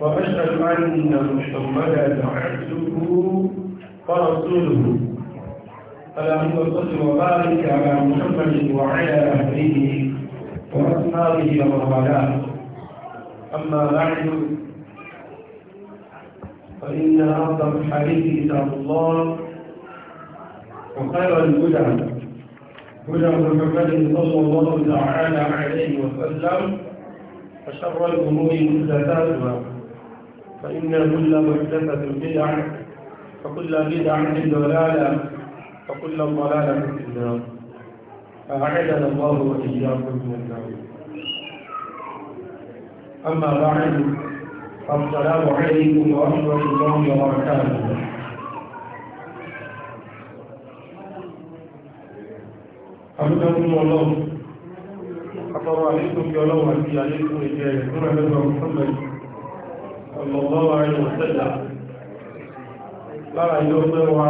وأشهد أن محمدا عبده ورسوله اللهم صل وبارك على محمد وعلى أهله وأصحابه ومن والاه أما بعد فإن أفضل الحديث كتاب الله وخير الهدى هدى محمد صلى الله تعالى عليه وسلم وشر الأمور محدثاتها فإن كل محدثة بدعة فكل بدعة ضلالة فكل ضلالة في النار فأعدنا الله وإياكم من النار أما بعد فالسلام عليكم ورحمة الله وبركاته أحمدكم الله أطر عليكم يا الله أتي عليكم إجابة محمد ọ̀lọ́lọ́wọ́ ayọ̀ tẹ́jà lára ilé ọgbẹ́ wa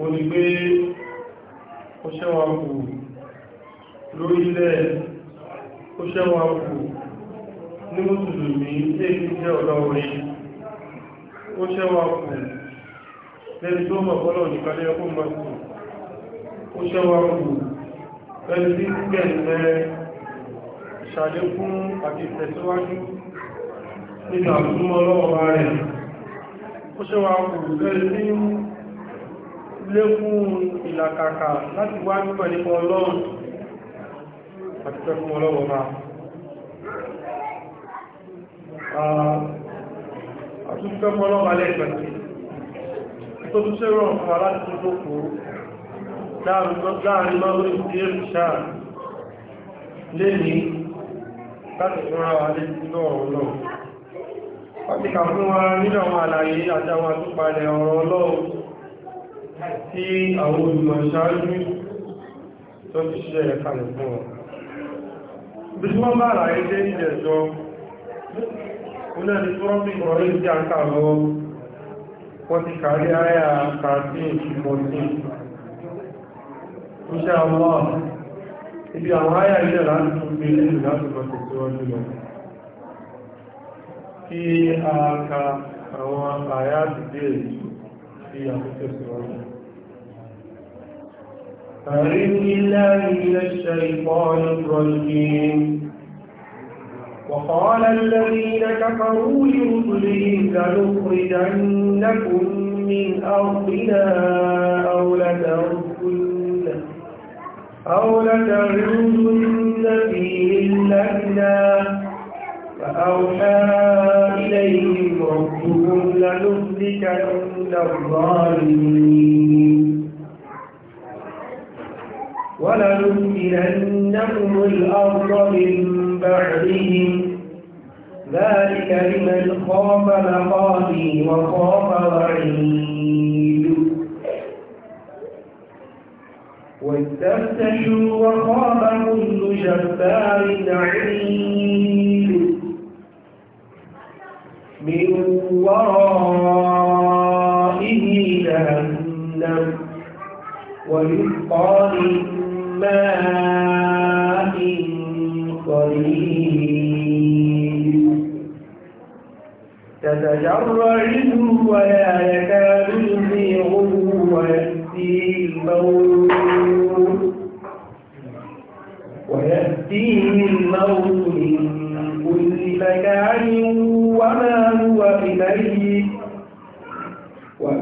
o ní pé ó ṣẹ́wà kù lórílẹ̀ ó ṣẹ́wà kù ní mùsùlùmí èyí jẹ́ ọ̀dọ́ ó ṣẹ́wà kù lẹ́ni tó mọ̀ bọ́lọ̀ nìkan lẹ́yọ́kùn mọ́ ó ṣẹ́wà kù lẹ́ni tí gẹ̀ẹ́ ìṣàlékún àti nínú àtúnmọ́ lọ́wọ́bá rẹ̀ ó ṣe wà kòrò ní lékún ìlàkàkà láti wá nípa nípa ọlọ́run àti pẹ́kún ọlọ́wọ́bá àtúnpẹ́kún ọlọ́wọ́bá lẹ́gbẹ̀ẹ́ tó tún ṣe fún aláti tó tó láàrin ní láti fún ara ọ̀rọ̀ náà Ọtíkà fún wa nínú àwọn àlàyé àtàwọn àtúpalẹ̀ ọ̀rọ̀ ọlọ́run tí àwọn olùmọ̀ ṣáájú tó ti ṣe ẹ̀kalẹ̀ fún ọ. Bí wọ́n bá àlàyé dé ìjẹ̀jọ́, onílẹ̀ tọ́rọ̀bí ọ̀rọ̀ ìdí àkà lọ wọ́n ti kàrí àyà 13-14. Insha Allah, tí a ka àwọn àyà dìde sí àkókò أعوذ بالله من الشيطان الرجيم وقال الذين كفروا لرسلهم لنخرجنكم من أرضنا أو لتركن أو لتعودن في ملتنا فأوحى إليهم ربهم لنهلكن الظالمين ولنسكننهم الأرض من بعدهم ذلك لمن خاف مقامي وخاف وعيد واستفتحوا وخاف كل جبار عنيد ورائه جهنم ويسقى من ماء قليل تتجرع ولا يكاد يزيغه ويأتيه الموت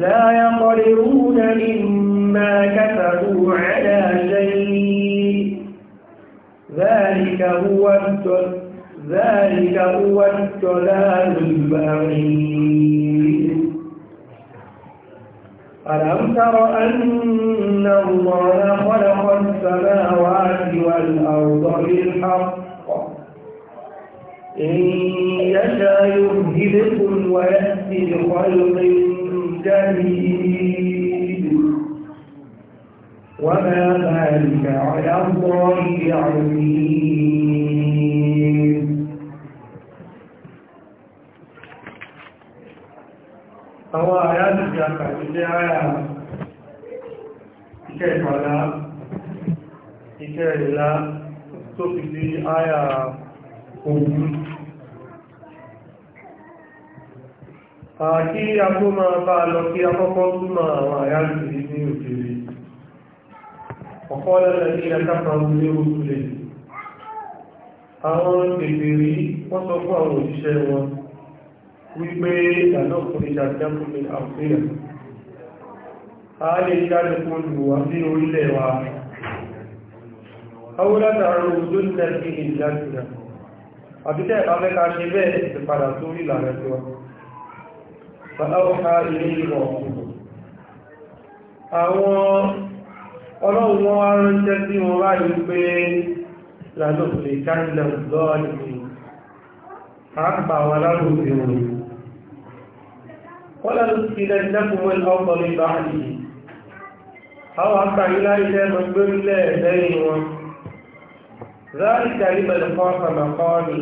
لا يقدرون مما كتبوا على شيء ذلك هو ذلك هو الضلال البعيد ألم تر أن الله خلق السماوات والأرض بالحق إن يشاء يذهبكم ويأتي بخلق شديد وما ذلك على الله بعزيز àwọn àyá ìjẹ́ àkàtí jẹ́ àyà ìkẹ́ ìpàdá ìkẹ́ ìlá tó fi di àyà òun kí a tó máa bá lọ kí a kọ́kọ́ túnmọ̀ àwọn àyájú yìí ní òkèrè ọ̀kọ́ lẹ́lẹ́ ní ẹ̀kápa ní òkúlẹ̀ àwọn èbèrè wọ́n sọ fún àwọn òṣìṣẹ́ wọn wípé ìdánọ́kùnrin jàjákùnrin àfihàn a fún ìwà sí orílẹ̀ wa awúrátà àrùn òjò nílẹ̀ sí ìjìyà àbíkẹ́ ìpamẹ́ka fàáwọ́há ilé ìwọ̀ àwọn ọlọ́run wọn wá ránṣẹ́ tí wọ́n wá ní pé lálòfin káìlẹ̀ lọ́ọ̀lì pàápàá wọn lálòfin òun wọ́n lálòfin lẹ́kùnmọ́ ìlọ́pọ̀lẹ́ bá nìyí àwọn akàrílá iṣẹ́ gbogborílẹ̀ lẹ́yìn wọn ráríkà ìbẹ̀lẹ̀ fún àpàdàkọ́ ni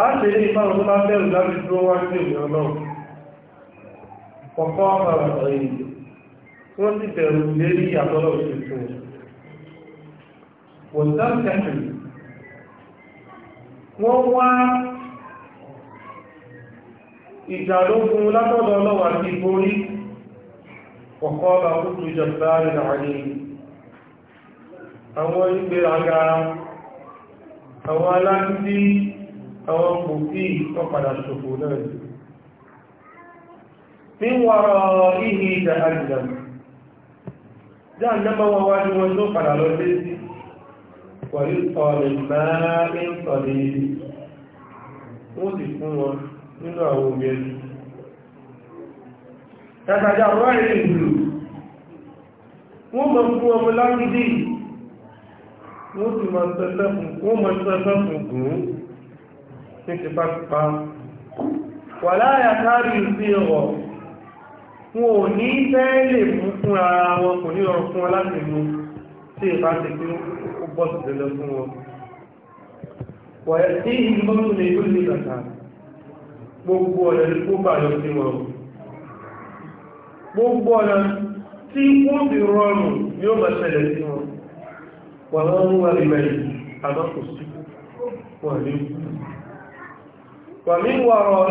a ṣe ní ìfáwọn tó bá bẹ̀rù lábí tó wá sí òmìnà kọ̀kọ́ ọ̀rọ̀ ẹ̀yìn tí wọ́n ti bẹ̀rù lérí àtọ́lọ̀ òṣèlú wọ́n tán tẹ́lẹ̀ wọ́n wá ìjà lógún látọ́dọ̀ ọlọ́wà ti borí kọ̀kọ́ ọba kúrò ìjọba rẹ̀ àwọn ìgbéraga min waraihi jahannam jahannam wọn wájú wọn tó padà lọ sí sí pẹ̀lú ọ̀rìn máa ń sọ ní ibi wọ́n sì fún wọn nínú àwọn omi ẹni tàtàjà rọ́rin kárí sí ọ̀rọ̀ wọn ò ní fẹ́ lè fún ara wọn kò ní ọrọ̀ fún wọn láti mú tí ìbá ti pín ó bọ́ sí lọ fún wọn wọ̀nyẹ tí ní gbogbo ọ̀nà ní kó bà lọ sí wọn gbogbo ọ̀nà tí kó fi rọrùn ni ó máa sí wọn wà wọ́n mú wa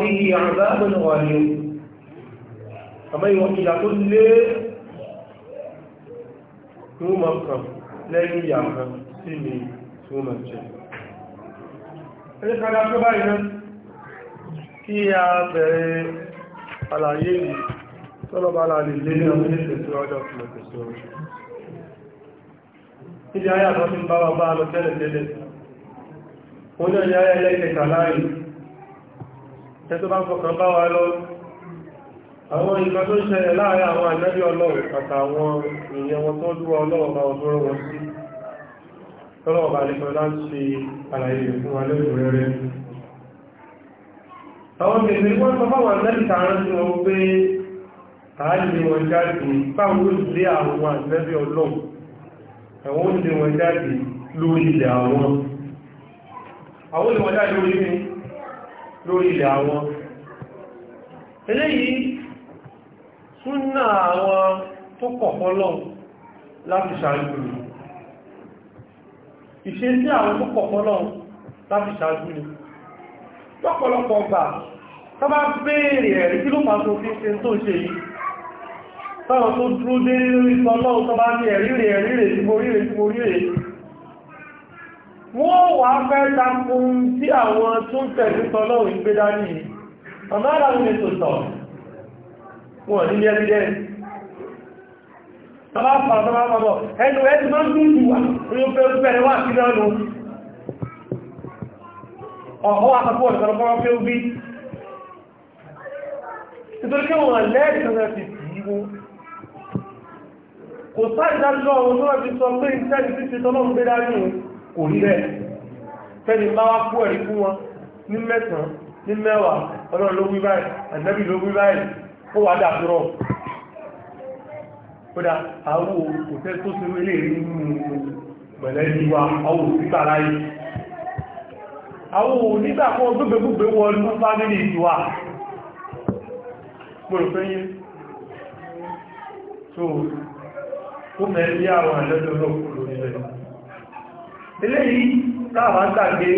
sí wọn àmọ́ ìwọ̀n ìyà tó lé tí ó mọ̀ kàn lẹ́yìn ìyà kan sí mi tí ó mọ̀ jẹ́ ẹni kádá tó báyìí náà kí a bẹ̀rẹ̀ àlàyé yìí tọ́lọ́bà láàrin lé ní ọmọ ilé tẹ̀síwájọ́ fún ẹ̀tẹ̀síwájọ́ níbi ayé àwọn ìgbà tó ṣẹlẹ̀ láàrin àwọn ànábí ọlọ́run àtàwọn èèyàn wọn tó dúró ọlọ́run bá ọdún rọrùn sí tọ́lọ́wọ́ bá nípa láti àlàyé fún wa lórí rẹ̀rẹ̀ àwọn bèbè wọ́n sọ fáwọn ànábì tààrán sí wọn pé àájì wọn jáde báwọn ó lé àwọn ànábì ọlọ́run àwọn ó lé wọn jáde lórí ilẹ̀ lórí ilẹ̀ àwọn eléyìí súnà àwọn tó kọ̀kọ́lọ̀ láti ṣáájú ni ìṣe sí àwọn tó kọ̀kọ́lọ̀ láti ṣáájú ni lọ́pọ̀lọpọ̀ ọgbà tó bá béèrè ẹ̀rí kí ló pàtó fi ṣe tó ṣe yìí táwọn tó dúró dé lórí tọ́lọ́run tó bá ní ẹ̀rí rẹ̀ ẹ̀rí rẹ̀ tí mo rí rẹ̀ tí mo rí rẹ̀ wọn ní evidence tọ́bá pàrọ̀ tọ́bá pàrọ̀ ẹnu ẹ́ ti máa ń dúdú wà ní ó fẹ́ bẹ̀rẹ̀ wà sí náà nù ọ̀họ́ àkàkọ́ ọ̀dọ̀kọ̀lọpọ̀ fẹ́ bí nítorí kí wọ́n lẹ́ẹ̀dì tó rẹ̀ fi tìí wó kò sáà ìdájọ́ ohun tó rẹ̀ fi sọ pé ìtẹ́lì sí ti tọ́lọ́run gbé dájú kò rí rẹ̀ fẹ́ni bá wá kú ẹ̀rí fún wọn ní mẹ́sàn-án ní mẹ́wàá ọlọ́run ló báyìí ànábì ló báyìí ó wà dà fúrọ̀ kódà àwọn òfẹ́ tó ti rí lè rí mọ̀lẹ́bí wa àwọn òfíkà láyé àwọn onígbà kan gbogbogbò wọn ní fámílì ìjọwà pòròfẹ́yìn tó ó mẹ́rí àwọn àjọ́jọ́ lọ́pùlò nílẹ̀ eléyìí láàrín tàgbé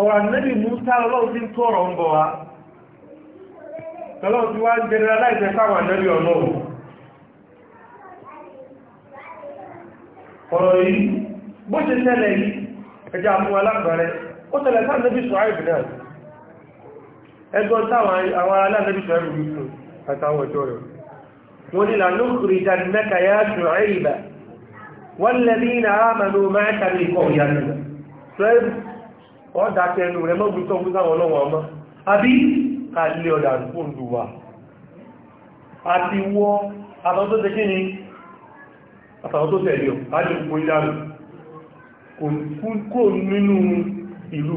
ọ̀rọ̀ nẹ́bì mú sáà ọlọ́run tí ń tó tọ́lọ́run ti wá ń generalize fáwọn ànábì ọlọ́run ọ̀rọ̀ yìí bó ṣe tẹ́lẹ̀ yìí ẹjá fún alágbàrẹ ó tẹ́lẹ̀ sáà nẹ́bí ṣùháìbì náà ẹgbọ́n rẹ̀ wọ́n ni lànúkùrì jàdínẹ́kà ká lé ọ̀dà fóòndù wa àti wọ́ àtàwọn tó tẹ́kí ni àtàwọn tó tẹ̀lé ọ̀ láti gbogbo kò nínú kò nínú ìlú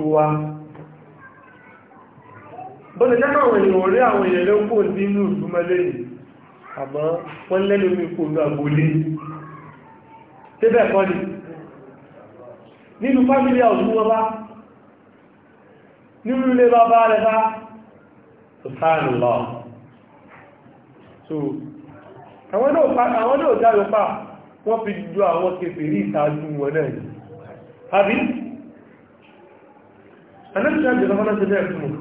mẹ́lẹ́yìn àmọ́ wọ́n lẹ́lú ni nínú fámílì àwọn ọdún bá nínú ilé bàbá rẹ̀ bá subhanallah so àwọn náà jáyọ pa wọ́n fi jọ àwọn kèfèrí ìtajú wọn náà ni àbí anáṣíṣẹ́ àjẹ́ lọ́wọ́ náà ṣe bẹ́ẹ̀ fún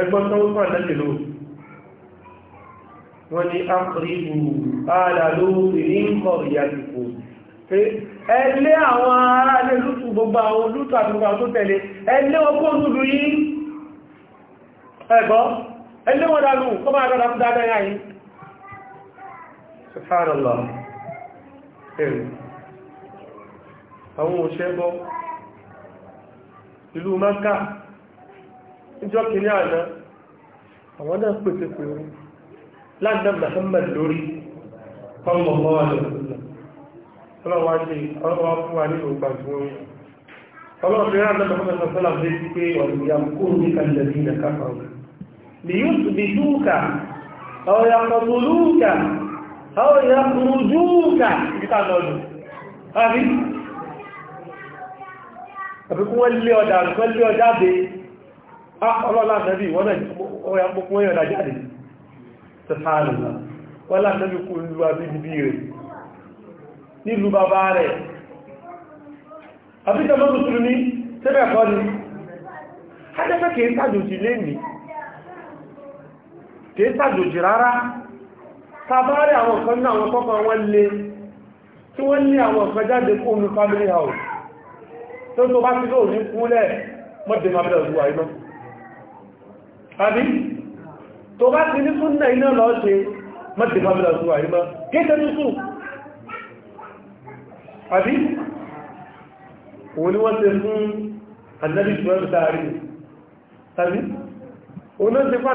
ẹgbọ́n tó ń fún àdájẹ́ lóò wọ́n ni a kìrì ìrù ààlà lóòrì ní kọ̀rì àjùkò ẹlẹ́ àwọn ará ilé lútù gbogbo àwọn lútù àtúgbà tó tẹ̀lé ẹlẹ́ ọkọ̀ òdúdú yìí ẹgbọ́ ẹni wọ́n dánú kọ́ máa rọ́nà fún dáadáa yáyí subhanallah ẹ̀rù àwọn òṣẹ́gbọ́ ìlú maka ìjọ kìíní àná àwọn náà pèsè pèrò láàdá Muhammad lórí sallallahu alaihi wasallam ọlọ́wọ́ ajé ọlọ́wọ́ fún wa nínú gbàgbọ́n ọlọ́wọ́ fẹ́ràn náà Muhammad sallallahu alaihi wasallam lé pé ọ̀rọ̀ ìyàmkó ní kàlẹ̀ ní ìdàkàfà ọ̀rọ̀ liyusbituka aw yaqtuluka aw yakhrujuka ìkítà lọ́dún àbí àbí kún wọ́n lé ọ̀dà àrùn pẹ́lú ọjáde ọlọ́lá àtẹ́bí wọ́n náà ọya púpọ̀ wọ́n yọ̀dà jáde tẹ́fààlùmá wọ́n látẹ́bí kú lú abíbí rẹ̀ nílùú bàbá rẹ̀ àbíjọ ni kìí sàjòjì rárá tàbárí àwọn nǹkan ní àwọn kọ́kọ́ wọ́n lè tí wọ́n ní àwọn nǹkan jáde kó omi family house tó tó bá ti lóò ní kúnlẹ̀ mọ́dé ma bẹ̀rẹ̀ òwúwà iná tàbí tó bá ti ní súnnà iná lọ ṣe mọ́dé ma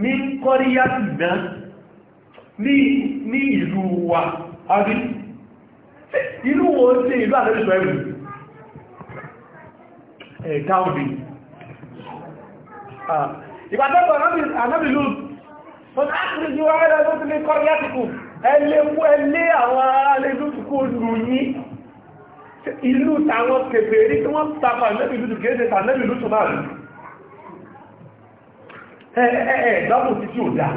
ní kọ́ríyá ìdá ní ìlú wa àbí ìlú wo tí ìlú àdẹ́sọ̀ ẹ̀rù ẹ̀ká òbí ìbátọ́gbọ̀ anábìlú fún ákìrí jíwá ẹ̀rẹ́ tó ah, ti ní kọ́ríyá tìkù ẹlẹ́wọ́ ẹlẹ́ àwọn alẹ́lútùkú lùyí ìlú tàwọn kèfèrí tí wọ́n tàbà lẹ́bìlú tù kéèdè tà lẹ́bìlú tù náà ẹ̀ẹ̀gbàbò sí tí ò dáa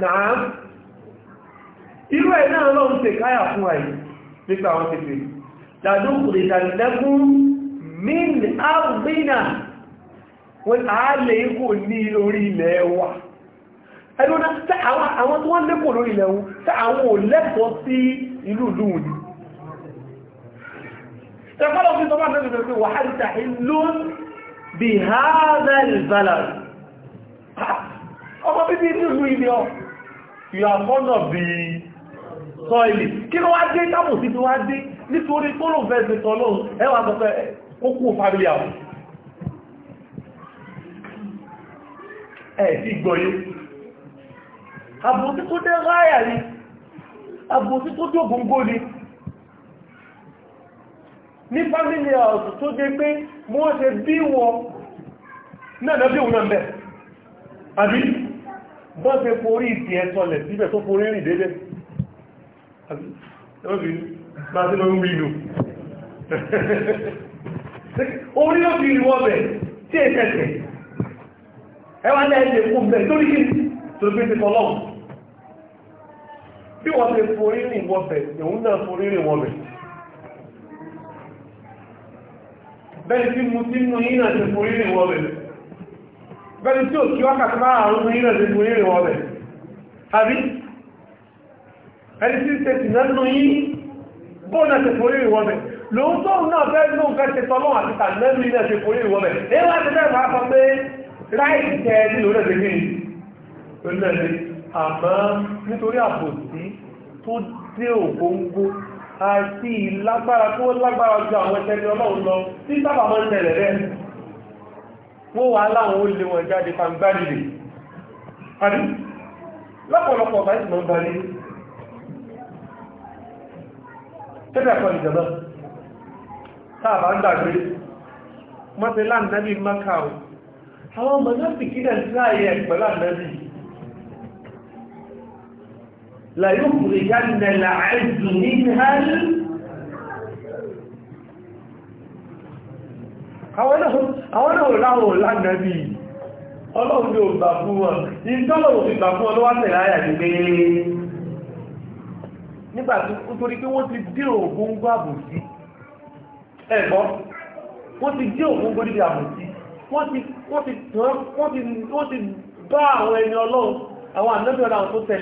náà irú ẹ̀ náà lọ́n tẹ káyà fún àì nípa àwọn tẹ̀fẹ̀ tàdókù lè tàdílẹ́kún min àrùbínà wọ́n àálẹ̀ ikú ní lórí ilẹ̀ wa ẹlúna tẹ́ àwọn tó wọ́n lẹ́kọ̀ọ́ lórí ilẹ̀ wọn tẹ́ àwọn ìlú bí hádà ìbálàrí ọmọ bíbí nílùú ilé ọ ìyàmọ́nà bí sọ́ìlì kí ló wá dé tábù sí ti wá dé nítorí tó lò fẹ́ ṣetọ́ lóò ẹwà sọ pé ó kú fàbílì àwọn ẹ̀ sí gbọ́yé àbòsí tó dé ráyà ni àbòsí tó dé ògóngó ni ní fàbílì ọ̀sùn tó dé pé mọ́ wọ́n ṣe bí wọn náà bí wọn náà bẹ̀ àbí bọ́ ṣe forí ìtì ẹ̀tọ́lẹ̀ síbẹ̀ tó forí rìn dédé àbí ẹ̀wọ́n máa sí lọ́rún rí lò orí ló fi ìwọ́ bẹ̀ tí ẹ̀kẹ́kẹ́ ẹwà náà ẹ̀ṣẹ̀ fún bẹ̀ tó rí tó gbé ti tọ́lọ́wọ́ bí wọ́n ṣe forí rìn wọ́bẹ̀ ìhun náà forí rìn wọ́bẹ̀ bẹ́ẹ̀ tí mú tí mú yínà ti fún rí rìn wọ́bẹ̀ bẹ́ẹ̀ tí ò kí wákàtí máa àrùn mú yínà ti fún rí rìn wọ́bẹ̀ àbí ẹni tí ṣe tì náà nù yí bóòna ti fún rí rìn wọ́bẹ̀ lóòótọ́ náà bẹ́ẹ̀ ló ń fẹ́ ṣe tọ́lọ́ àti tàbí náà ti fún rí rìn wọ́bẹ̀ èyí wá ti dẹ́gbà àti ìlágbára tó lágbára ju àwọn ẹ̀tẹ́ni ọlọ́run lọ tí sábà máa ń tẹ̀lẹ̀ rẹ̀ wọ́n wà láwọn olè wọn jáde fangbálìlè àbí lọ́pọ̀lọpọ̀ bá ìsìnà gbalé tẹ́bẹ̀ kan ìjọba sáàbà ń dàgbé mọ́tẹ́lá nàbí makao àwọn ọmọ náà sì kí لا يخرجن العز منها àwọn náà láwọn lánàbí ọlọ́run ní ògbà fún wọn ìjọ́lọ̀wò ìgbà fún ọlọ́wà tẹ̀lá àyà ní nígbàtí ó torí pé wọ́n ti dí ògúngó àbòsí ẹ̀gbọ́n wọ́n ti dí ògúngó níbi àbòsí wọ́n ti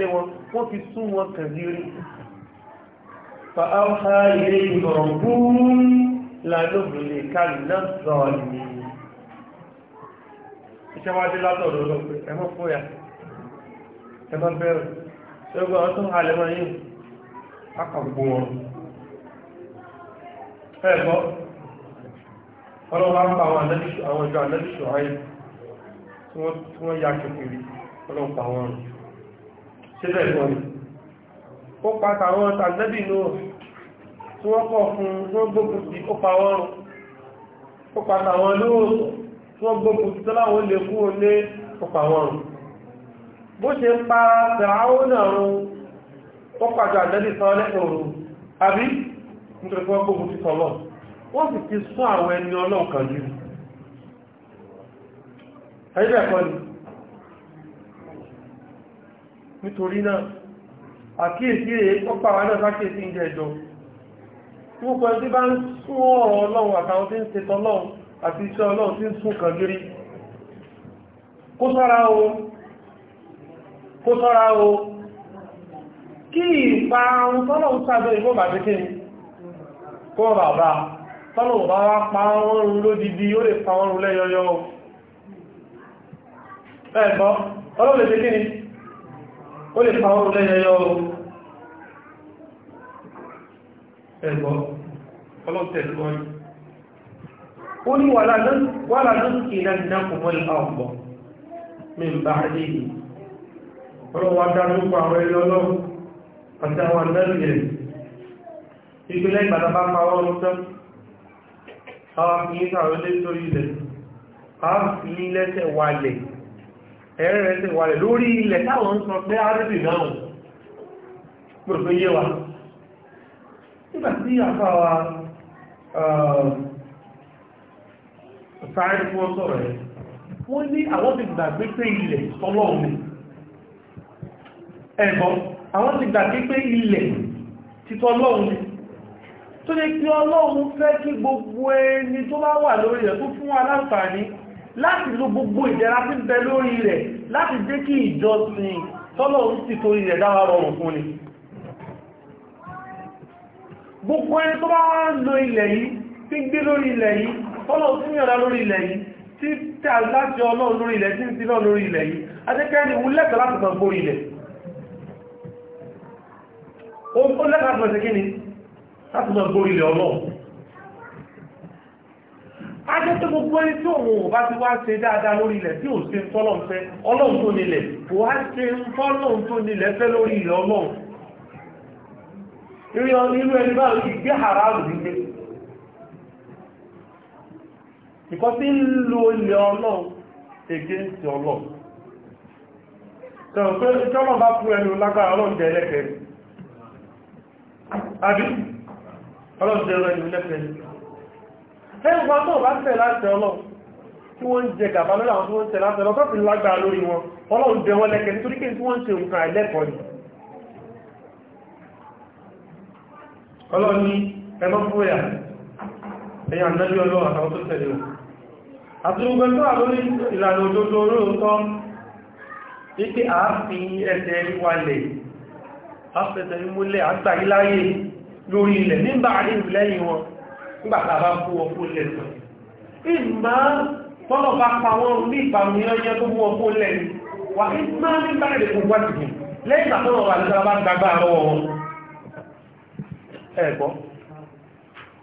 wọ́n fi sún wọn kàn ní orí fa'áwọ́há ilé ìgbọ̀ngbùn lálóbìnrin kàrí náà sọ̀rọ̀ ní ìṣẹ́wádé látọ̀dọ̀ lọ́pẹ́ ẹmọ́ fóyà ẹmọ́ bẹ̀rù ṣẹ́gbọ́n ọdún alẹ́mọ́ yìí akàgbò wọn ẹ̀gbọ́ ọlọ́wọ́ ń pa àwọn ìjọ ànẹ́lìṣọ́ ayé tí wọ́n ya kẹfìrí ọlọ́pàá wọn rùn síbẹ̀ kan ni ó pàtà wọn tàbí inú tí wọ́n kọ̀ fún wọ́n gbógun ti ó pa wọ́n ó pàtà wọn lóòótọ́ tí wọ́n gbógun ti tọ́láwọn lè kú olé ó pa wọ́n bó ṣe ń pa tẹ̀ráwó náà rún ó pàtà àdẹ́bì sọ lẹ́kọ̀ọ́rù àbí nítorí wọ́n gbógun ti sọ́lọ̀ wọ́n sì ti sún àwọn ẹni ọlọ́ọ̀kan jù ẹgbẹ́ kan ni nítorí náà àkíyèsí rẹ̀ ọpá wa náà sákíyèsí ń jẹjọ púpọ̀ tí bá ń sún ọ̀rọ̀ ọlọ́run àtàwọn tí ń ṣe tọ́lọ́run àti iṣẹ́ ọlọ́run tí ń sún kàn gírí kó sọ́ra o kó o kí ìpa ohun tọ́lọ́run sáàjọ ìbò bàbí kí ni kó bàbá tọ́lọ́run bá wá pa wọ́n rún ó lè pa wọ́n lẹ́yọyọ ẹ̀gbọ́n ọlọ́run lè ṣe kí ni ó lè pa ọrùn lẹ́yẹyọ ẹgbọ́ ọlọ́tẹ̀lúwọ́n ó ní wà lánàkì náà kùnmọ́ ìpàọ̀pọ̀ mi bá àdéhì ọlọ́wọ́ adánúkọ àwọn ilé ọlọ́run àti àwọn anẹ́rìnlẹ̀ ìpínlẹ̀ ìgbàdàbá pa ọrùn tán àwọn akìyíkà orílẹ̀-èdè orílẹ̀ ẹ̀rẹ́ lè wà rẹ̀ lórí ilẹ̀ táwọn ń sọ pé arìnrìn náà pẹ̀lú yé wa nígbà tí àfáwa uh, sáàrí fún ọ́sọ̀ rẹ̀ wọ́n ní àwọn ti gbàgbé pé ilẹ̀ tọ́lọ́ọ̀mù ẹ̀bọ̀ àwọn ti gbàgbé pé ilẹ̀ títọ́lọ́ọ̀mù tó ní kí ọlọ́run fẹ́ kí gbogbo ẹni tó bá wà lórí rẹ̀ tó fún aláǹfààní láti lo gbogbo ìdẹ̀ra tí bẹ lórí rẹ̀ láti jẹ́ kí ìjọsìn tọ́lọ̀ ń ti torí rẹ̀ dáwà rọrùn fún ni gbogbo ẹni tó bá wá lo ilẹ̀ yìí tí gbé lórí ilẹ̀ yìí tọ́lọ̀ tí yànra lórí ilẹ̀ yìí tí tẹ́ aláti ọlọ́run lórí ilẹ̀ tí ń sílọ́ lórí ilẹ̀ yìí adékẹ́ ni wú lẹ́tọ̀ láti sọ gbó ilẹ̀ ó lẹ́tọ̀ láti sọ ajẹ́ tó gbogbo ẹni tí òun ò ti wá ṣe dáadáa lórí ilẹ̀ tí ò ṣe tọ́lọ́n fẹ́ ọlọ́run tó nílẹ̀ kò wá ṣe ń tọ́lọ́run tó nílẹ̀ fẹ́ lórí ilẹ̀ ọlọ́run irú irú ẹni báyìí ìgbé haramu nílé ìkọ́ sí ń lo ilẹ̀ ọlọ́run ègé ti ọlọ́run ẹ̀rùn pa tó bá tẹ̀ láti ọlọ́ tí wọ́n ń jẹ gàbá lọ́la àwọn tí wọ́n ń tẹ̀ láti ọlọ́ tó fi lágbàá lórí wọn ọlọ́run bẹ wọn lẹ́kẹ̀ẹ́ nítorí kí n tí wọ́n ń ṣe nǹkan àìlẹ́kọ̀ọ́ ni ọlọ́ni ẹmọ́ fúyà ẹ̀yà nẹ́bí ọlọ́ àtàwọn tó tẹ̀lé wọn àti ogun tó àlórí ìlànà òjòjò olóòótọ́ wípé a fi ẹsẹ̀ wálẹ̀ a fẹ́sẹ̀ múlẹ̀ àgbà iláyé lórí ilẹ̀ nígbà àdínlẹ́yìn wọn nígbà tá a bá kú ọkú lẹ́sàn ìmọ̀ tọ́lọ̀ bá pa wọn ní ìbàmù yẹn tó mú ọkú lẹ́nu wà ní máa ní bá èdè kò wá tìbí lẹ́yìn àtọ́lọ̀ wà ní sábà gbàgbà àrọ́wọ́ wọn ẹ̀gbọ́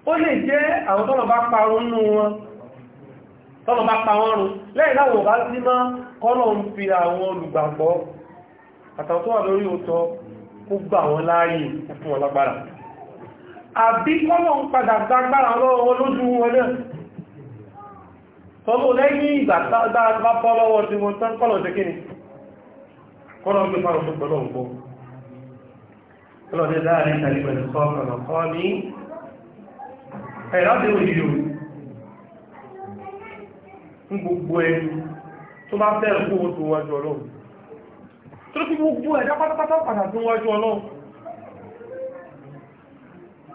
ó lè jẹ́ àwọn tọ́lọ̀ bá pa wọn nú wọn tọ́lọ̀ bá pa wọn rún lẹ́yìn láwọn ọ̀bá sí mọ́ kọ́lọ̀ ń fi àwọn olùgbàgbọ́ àtàwọn tó wà lórí òótọ́ kó gbà wọn láàyè fún wọn àbí wọ́n ń padà gbàgbára lọ́wọ́ lójú wọn náà tọ́lú lẹ́yìn ìgbà tàbá bọ́ lọ́wọ́ tí wọ́n tán kọ́lọ̀ jẹ́ kíni kọ́lọ̀ gbé fara fún pẹ̀lú ọ̀pọ̀ ọlọ́dẹ́ láàrin tàbí pẹ̀lú kọ́ ní ẹ̀rábẹ̀ òyìnbó ń gbogbo ẹ̀ tó bá fẹ́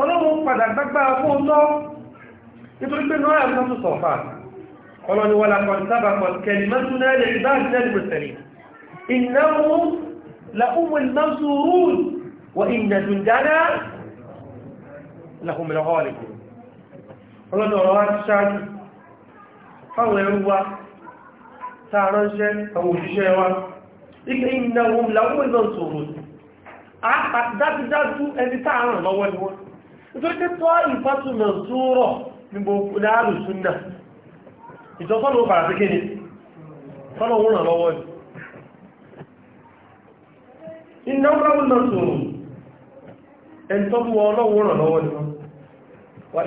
ọlọ́run padà gbágbára fún ọjọ́ nítorí pé náà ẹ̀rọ tó sọ̀fà ọlọ́ni wà lápọ̀ sábà pọ̀ kẹlì mẹ́sùn náà lè bá ìjẹ́ ìgbẹ̀sẹ̀rì ìnáwó làúmùl mẹ́sùrún wà ìnàdùn dáná làúmùl ọ̀họ́lẹ̀ ọlọ́ni ọ̀rọ̀ wá ṣáájú ẹni tààràn lọ́wọ́ ni wọ́n nítorí pé tọ́ ìfàtúnà sóòrọ̀ ní gbogbo ní àrùsùn ó fara sí kéde sọ́nà òun ràn lọ́wọ́ ni iná ọlọ́run náà sọ̀rọ̀ ẹni tó bú ràn lọ́wọ́ ni wọ́n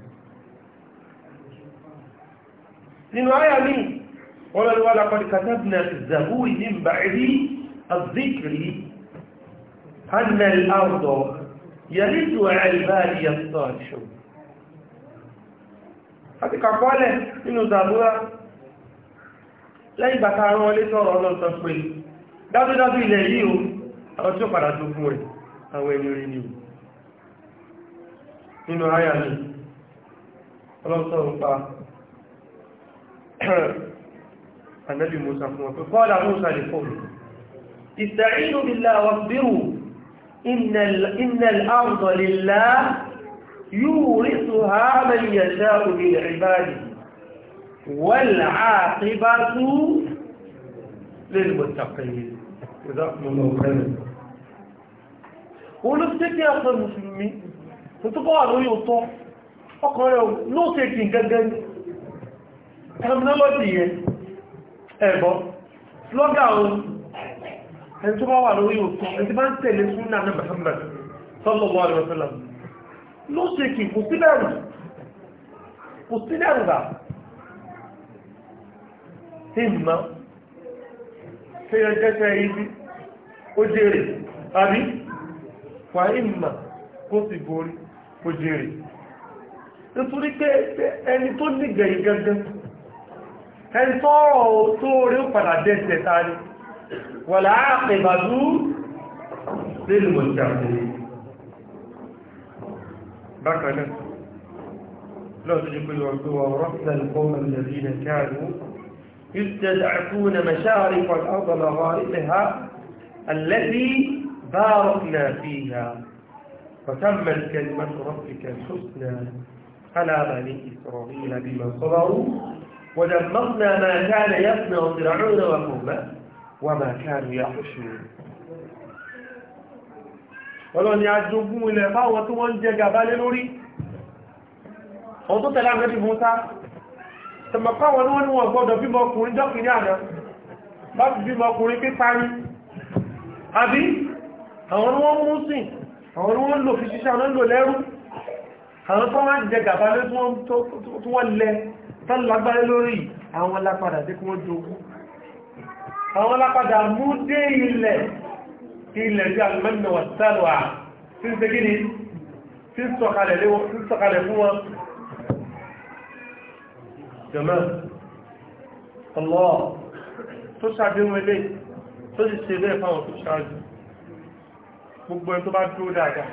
nínú àyà ní ọlọ́lọ́wọ́ lápàdé katabna zaburi ní bàárí azikiri hannel outdoor yẹ̀lítù àìbáàrí yàtọ̀ àṣọ àti kàkọ́lẹ̀ nínú zàbúrá lẹ́yìn bàtà àwọn ọlé sọ́rọ̀ tó fún النبي موسى قال موسى لقومه استعينوا بالله واصبروا إن, إن الأرض لله يورثها من يشاء من عباده والعاقبة للمتقين إذا من الغنم قولوا افتكي أخوة المسلمين فتقعدوا يوطوا أقرأوا نوتيكي كالجنة terminology yẹn ẹ̀bọ́ slogan ohun ẹni tó bá wà lórí òkú ẹni tí bá ń tẹ̀lé súnà ní Muhammad sallallahu alaihi wasallam ló ṣe kì kò sí bẹ̀rù kò sí bẹ̀rù bá sí mọ́ tí ẹ jẹ́ṣẹ́ ibi ó jèrè àbí wà ìmọ̀ kó sì borí ó jèrè nítorí pé ẹni tó nígbẹ̀yìn gẹ́gẹ́ ẹni tọ́rọ̀ tó rí ó padà dẹ́sẹ̀ tàrí wà láàpẹ̀ ìbàdú nínú mọ̀jáfẹ́ bákanáà jẹ́ القوم الذين كانوا يستضعفون مشارق الأرض مغاربها التي باركنا فيها وتمت كلمة ربك الحسنى على بني إسرائيل بما صبروا ودمرنا ما كان يصنع فرعون وقومه وما كانوا يحشون ọlọ́run ni a jogún ilẹ̀ fáwọn tí wọ́n ń jẹ gàbá lé lórí ọdún tó tẹ̀lé àmẹ́bí Mùsá tẹ̀mọ̀pá wọn ní wọ́n ní wọ́n gbọ́dọ̀ bímọ ọkùnrin jọ́kìrí àná bá ti bímọ ọkùnrin pé parí àbí àwọn wọ́n mú sí àwọn wọ́n lò tọ́lágbáyé lórí àwọn lápadà tí kí wọ́n jogún àwọn lápadà mú dé ilẹ̀ ilẹ̀ tí alìmọ́nà wà sálwà tí ń segí ni tí ń sọ̀kalẹ̀ fún wọn jọmọ́ ọlọ́ tó ṣàdínwó ilé tó sì ṣe bẹ́ẹ̀ fáwọn tó ṣáájú gbogbo ẹ̀ tó bá dúró dáadáa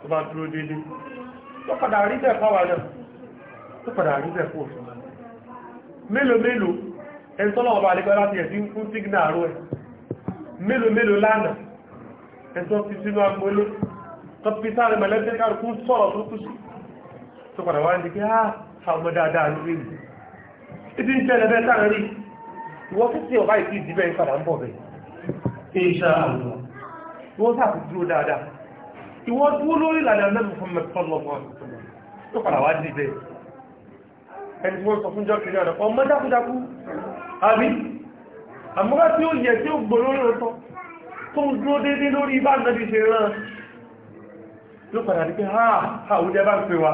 tó bá dúró tó padà rí bẹ̀ fún òṣù mélòó mélòó ẹni tọ́lọ̀ ọba àlẹ́gbẹ́ láti ẹ̀ sí ń fún sígínà àrú ẹ̀ mélòó mélòó lánà ẹ̀sọ́ ti sínú agbólé tó fi sáré mẹ́lẹ́tẹ́ kárùkú sọ̀rọ̀ tó kú sí tó padà wá ní kí á àwọn dáadáa ní rí ibi ń tẹ́lẹ̀ bẹ́ sáà rí ìwọ́n tó sí ọba ìsí ìdíbẹ̀ ìpadà ń bọ̀ bẹ̀ ìṣà àwọn wọ́n sáà dúró dáadáa ìwọ́n dúró lórí ìlànà mẹ́rin ẹni tí wọ́n sọ fún jọ́kì náà ọmọ dákúdákú àbí àmúrá tí ó yẹ tí ó gbòrò lóòótọ́ tó ń dúró déédé lórí bá nàbí ṣe rán ló padà ní pé ha àwùjẹ bá ń pè wá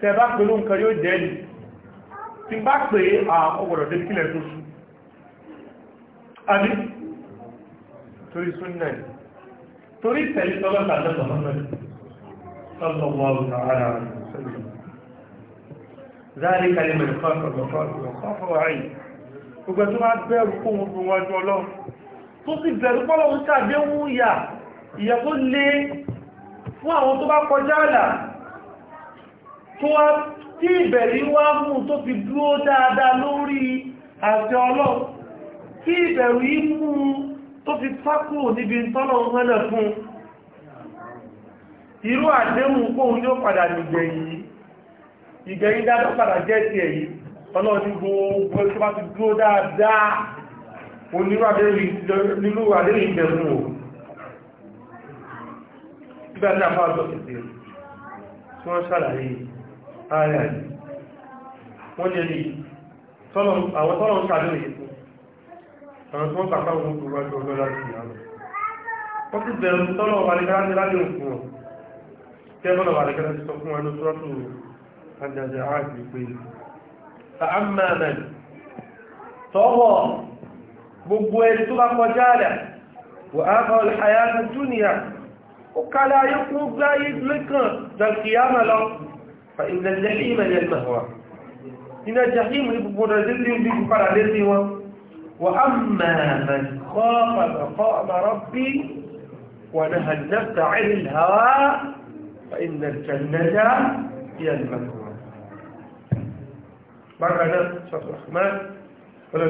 tẹ bá pè ló nǹkan yóò jẹ́ ni tí bá pè à ọgbọ̀dọ̀ dé kílẹ̀ tó ذلك لمن خاف المخاف وخاف وعين gbogbo tó máa bẹ̀rù kó wọn fún wájú ọlọ́run tó sì bẹ̀rù pọ́lọ̀ ń tàbí ń yà ìyà tó lé fún àwọn tó bá kọjá àlà tó wá tí ìbẹ̀rí wá mú tó fi dúró dáadáa lórí àti ọlọ́run tí ìbẹ̀rù yí mú tó fi pákó níbi tọ́lọ̀ mẹ́lẹ̀ fún irú àdéhùn kóhun yóò padà nìgbẹ̀yìn ìgẹ̀yìn dáadọ́ padà jẹ́ ti ẹ̀yí ọlọ́ọ̀dún gbogbo ẹgbẹ́ bá ti dúró dáadáa onírú àdéhùn ìbẹ̀rún o ìgbà ní àpá ọjọ́ kìtì tí wọ́n ṣàlàyé ààrẹ wọ́n jẹ́ ní àwọn tọ́lọ̀ ń ṣàdéhùn ìyẹ̀kú àwọn tí wọ́n pàpá ogun gbogbo ọjọ́ ọjọ́ láti ìyàwó wọ́n ti bẹ̀rún tọ́lọ̀ wà ní kára النازعات يقول فأما من طوى بقوة طبق وجالة وآخر الحياة الدنيا وقال يقوم لا لك ذا القيامة لك فإن الجحيم هي إن الجحيم يبقى رزل بقرى رزل وأما من خاف مقام ربي ونهى النفس عن الهوى فإن الجنة هي المكوى مرنا صفر الرحمن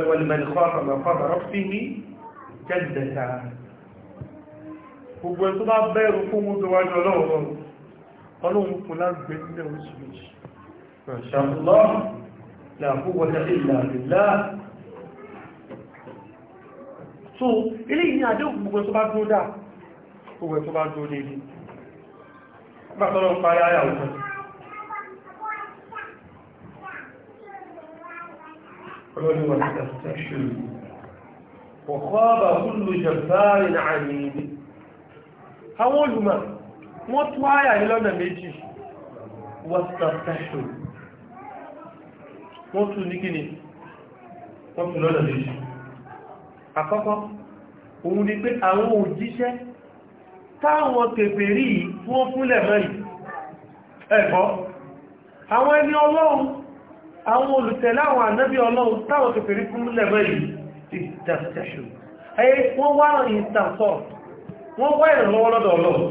ولمن خاف ما خاف ربه جد تعالى وقلت بعض بير وقوم ودواج ولوغر قالوا فلان بإذن الله وسميش ما شاء الله لا قوة إلا بالله سو إليه نعدوك بقلت بعض جودا قلت بعض جودي ما قالوا قال يا يا وقلت ọlọ́ni wọn tẹ̀sẹ̀ṣìn كُلُّ bá kúlù jẹ̀báàrì àmì àwọn olùmọ̀ wọ́n tó àyà ní lọ́nà méjì wọ́n tẹ̀sẹ̀ṣìn wọ́n tún ní kíni wọ́n tún lọ́nà méjì àkọ́kọ́ òun ni pé àwọn òjíṣẹ́ táwọn kèfèrí wọ́n fúnlẹ̀ mọ́ ẹ̀kọ́ àwọn ẹni ọlọ́run àwọn olùtẹ̀lé àwọn ànábí ọlọ́run táwọn kèfèrí fún lẹ́mọ́ yìí ìtàṣẹ́ṣù ayé wọ́n wá ìtàṣọ́ wọ́n wá ìrànlọ́wọ́ lọ́dọ̀ ọlọ́run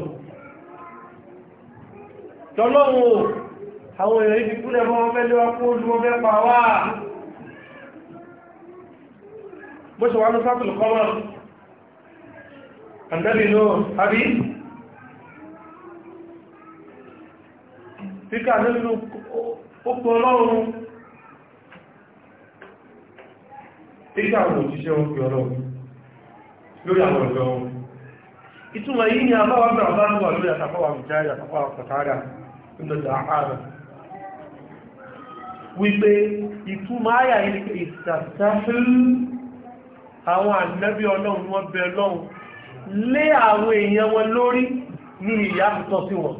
tọ́lọ́run o àwọn èèyàn ibi fún lẹ́mọ́ wọn fẹ́ léwá fún olúwọ́ fẹ́ pa wá bó ṣe wà ní sátìlù kọ́mọ̀ àǹdẹ́bì ló àbí Fíkà nínú ó pọ̀ lọ́rùn èyí àwọn òjíṣẹ́ wọn fi ọ̀rọ̀ lórí àwọn ọ̀dọ́ wọn ìtumọ̀ yìí ni àbáwàbà àbáwà lórí àtàkọ́wà mìjáyà àtàkọ́wà pàtàkà ìlọ́dà àárà wípé ìtumọ̀ ayà ìtàtàfil àwọn ànábí ọlọ́run wọ́n bẹ lọ́run lé àwọn èèyàn wọn lórí ní ìyá àtọ́ sí wọn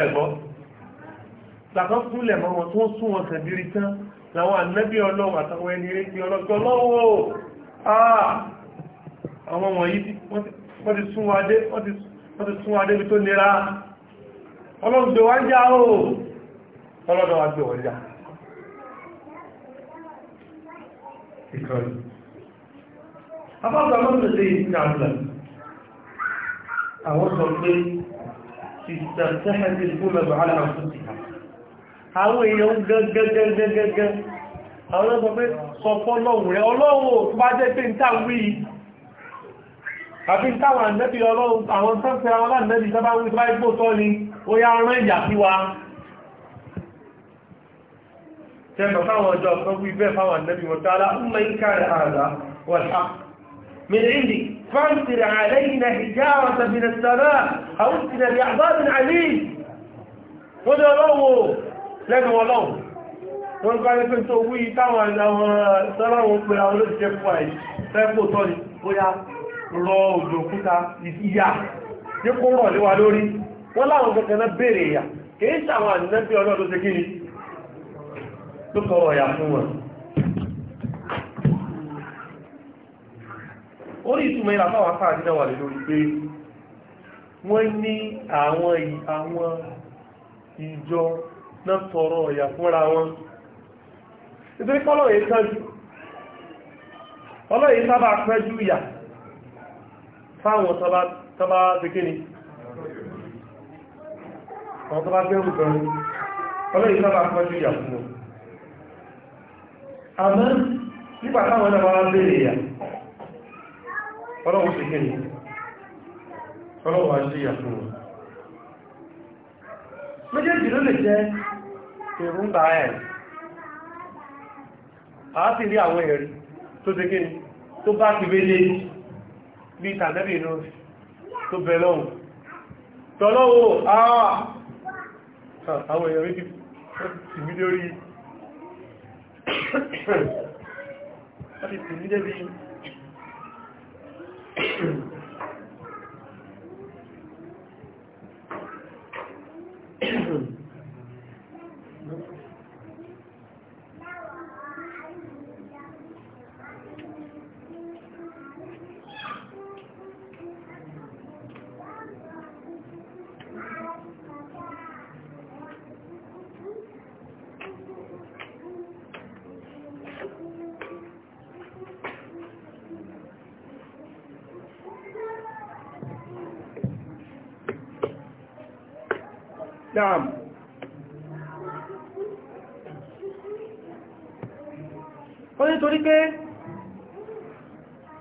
ẹ̀gbọ́ láwọn ànábì ọlọ́run àtàwọn ẹni eré tí ọlọ́gbọ́ lọ́wọ́ ah! àwọn wọ̀nyí wọ́n ti sún adé bí tó nira ọlọ́gbọ́ wá ń já o ọlọ́dọ̀ wá gbọ́ wọ́n já ìkọlù abáwọn ọmọdé sí ìsìnkà àwọn sọ pé ìsìnkà tẹ́hẹ̀ sí ìfúnmẹ̀bọ̀ aláàrùn sí ìhà àwọn èèyàn gẹ́gẹ́gẹ́gẹ́gẹ́ àwọn ọlọ́pọ̀ pé sọpọ́ lọ́wọ́ rẹ̀ ọlọ́wọ́ bá jẹ́ pé ń tàn wí àbí táwọn ànẹ́bí ọlọ́run àwọn sọ́fẹ́ àwọn ànẹ́bí tọ́bá wí tọ́bá igbó tọ́ ni ó yá rán ìyà sí wa tẹ́lọ̀ من عندي فانصر علينا حجارة من السماء أو انصر بعذاب عليم ودلوه lẹ́nu ọlọ́run wọ́n gbá ní pé tó wú ìtàwọn àwọn sọ́láwọn pé àwọn olóṣìṣẹ́ fún àì fẹ́pò tọ́ ni ó yá rọ òjò òkúta ìyà ní kó rọ̀ lórí wọ́n láwọn ìyà kìí sàwọn wọn náà tọrọ ọ̀yà fúnra wọn nítorí kọ́lọ̀ yìí tán jù ọlọ́ yìí sábà pẹ́jú ìyà fáwọn tọba pekini àwọn tọba bẹ́rù gan ọlọ́ yìí sábà pẹ́jú ìyà fún wọn àmọ́ nígbà táwọn náà wá bèèrè ìyà ọlọ́wọ́ pekini ọlọ́wọ́ wá sí èrúmbà ẹ̀ a ti rí àwọn ẹ̀rí tó ṣe kéni tó bá ti wélé bí tàbí inú tó bẹ̀ lọ́hùn tọ́lọ́wọ́ àwọn ẹ̀rí ti tìmí lórí láti tìmí débi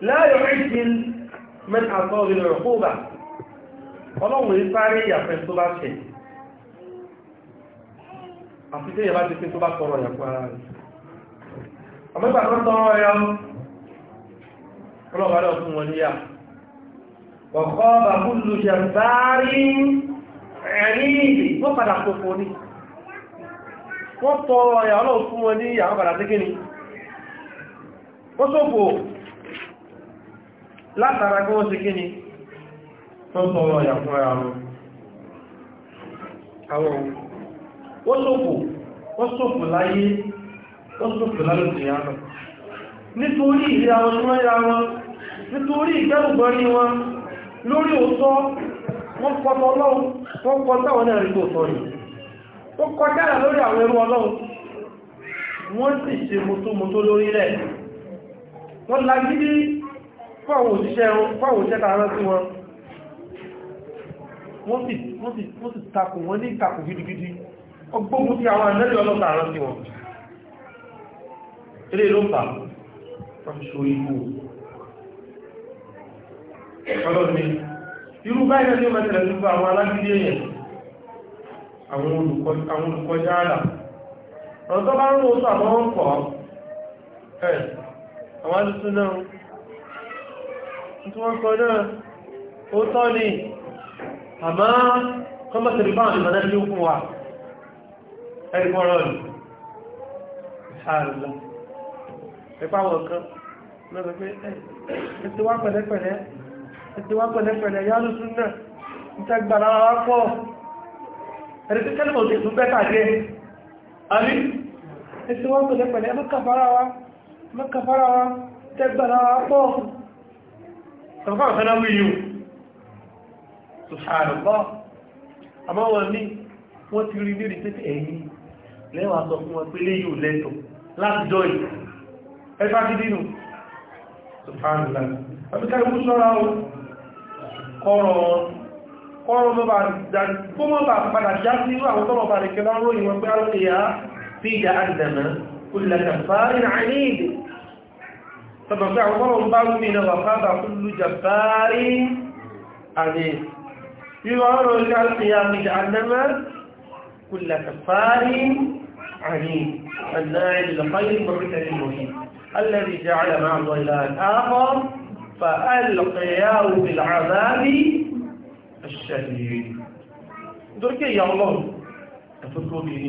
لا يعجل من أصاب العقوبة ọlọ́run yìí sáré ìyàfẹ́ tó bá ṣe àti tí ìyàbá ti fi tó bá tọrọ ìyàfẹ́ ara rẹ̀ àmọ́gbà tó tọrọ ẹ̀yà ọlọ́gbà lọ fún wọn ní yà ọ̀kọ́ bàbúlù ṣe báárí ẹ̀rí ìdí wọ́n padà tó látara kí wọ́n ṣe kí ni tó sọ̀rọ̀ ọ̀yà fún ara wọn àwọn ó sòfò ó sòfò láyé ó sòfò lálòsì yánà nítorí ìrẹ́ àwọn tí wọ́n yá wọn nítorí ìgbẹ́rùgbọ́rí wọn lórí òótọ́ wọ́n kọtọ́ ọlọ́run wọ́n kọtọ́ àwọn ẹ̀rí tó sọ yìí ó kọjá lórí àwọn ẹrú ọlọ́run wọ́n sì ṣe mọ́tòmọ́tò lórí rẹ̀ wọ́n lagídí fáwọn òṣìṣẹ́ tààrà sí wọn wọ́n sì takùn wọ́n ní ìtakùn gidigidi ọgbógun sí àwọn ànẹ́lẹ̀ ọlọ́tààrà sí wọn ilé ló fà ọ̀ṣọ́ ìgbò ọlọ́dún irú báyìí ní ọmọ ìṣẹ̀lẹ̀ nípa àwọn alágídé yẹn àwọn olùkọjá àlà ọ̀tọ́ bá ń rò sọ àwọn ọkọ̀ ẹ̀ àwọn alùsùn náà tí wọ́n sọ náà ó tọ́ ni àmá kọmọ̀tẹ̀lú bá àwọn ìmọ̀lẹ́bí ó fún wa ẹ̀rí mọ́rọ̀ ni ṣàrùlá ẹ̀pá wọn kan lọ́sọ pé ẹ ti wá pẹ̀lẹ́pẹ̀lẹ́ ẹ ti wá pẹ̀lẹ́pẹ̀lẹ́ yálù sún náà ń tẹ́ gbàrá wá pọ̀ ẹ̀rí tí kẹ́lùmọ̀ ti tún bẹ́ta jẹ́ àrí ẹ ti wá pẹ̀lẹ́pẹ̀lẹ́ mọ́kàfàrà wá mọ́kàfàrà wá tẹ́ gbàrá wá pọ̀ ẹ̀fọ́n kan náà wíyí ṣùhàrùbọ́ àmọ́ wọn ní wọ́n ti rí nírí pé ẹ̀yìn lẹ́wàá sọ fún wọn pé lé yóò lẹ́tọ̀ láti jọ ì ẹfà gidi nù ṣùhàrùbọ́ àbíkẹ́ ìwú sọ́ra o kọ́rọ̀ kọ́rọ̀ mọ́bà kó mọ́bà padà já sí irú àwọn tọ́mọ̀bà rẹ̀ kẹlọ́rọ̀ ìwọ̀n pé á tọ́bọ̀ pé àwọn ọlọ́run bá rúmi náà wà fábà fún lújà báárí àdé ìwọ ọ̀rọ̀ ìjá àmìjà àdámá kùlà kàfárí àdé الناعي للخير مرتا للمهين الذي جعل مع الله إلها آخر فألقياه بالعذاب الشديد درك يا الله تفكروا به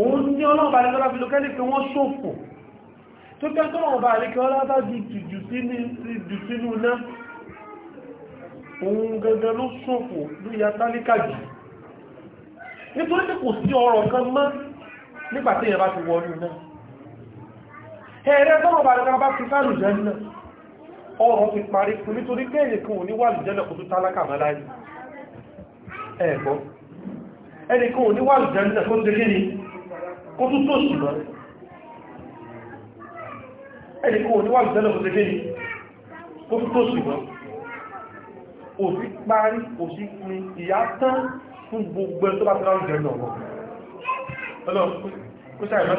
òun ní ọlọ́ọ̀bá ní lọ́la fi lókẹ́lì pé wọ́n ṣòfò tó tẹ́ tó wọ́n bá àríkẹ́ ọlọ́bá ju jù sínú iná òun gangan ló ṣòfò ló ya tálíkà jù nítorí tí kò sí ọrọ̀ kan mọ́ nígbàtí ìyẹn bá ti wọlú náà ẹ̀rẹ́ tọ́rọ̀ bá rẹ̀ bá ti sáàrù jẹ́ náà ọrọ̀ ti parí fún nítorí pé èyí kan ò ní wà lùjẹ́ lẹ́kùn tó tálákà mọ́ láyé ẹ̀ẹ̀kọ́ ẹnìkan ò ní wà lùjẹ́ lẹ́kùn tó tẹ́kẹ́ ni kó tó tó ṣùgbọ́n ẹni kó ní wàlù tẹ́lẹ̀ òṣèké ní kó tó tó sì mọ́ òsì parí òsì ní ìyá tán fún gbogbo tó bá tẹ́lá ń jẹ́ lọ́wọ́ ọlọ́run kó sàìmọ́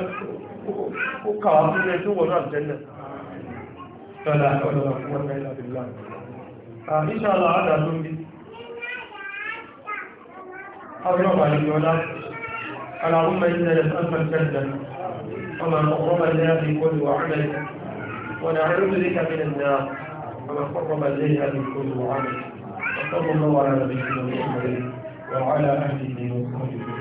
kó kàwà fún ẹ tó wọ̀ náà jẹ́ náà tọ́lá ọlọ́run الجنة وما مقرب لها في كل وعمل ونعوذ بك من النار وما قرب إليها من كل وعمل وصلى الله على نبينا محمد وعلى أهله وصحبه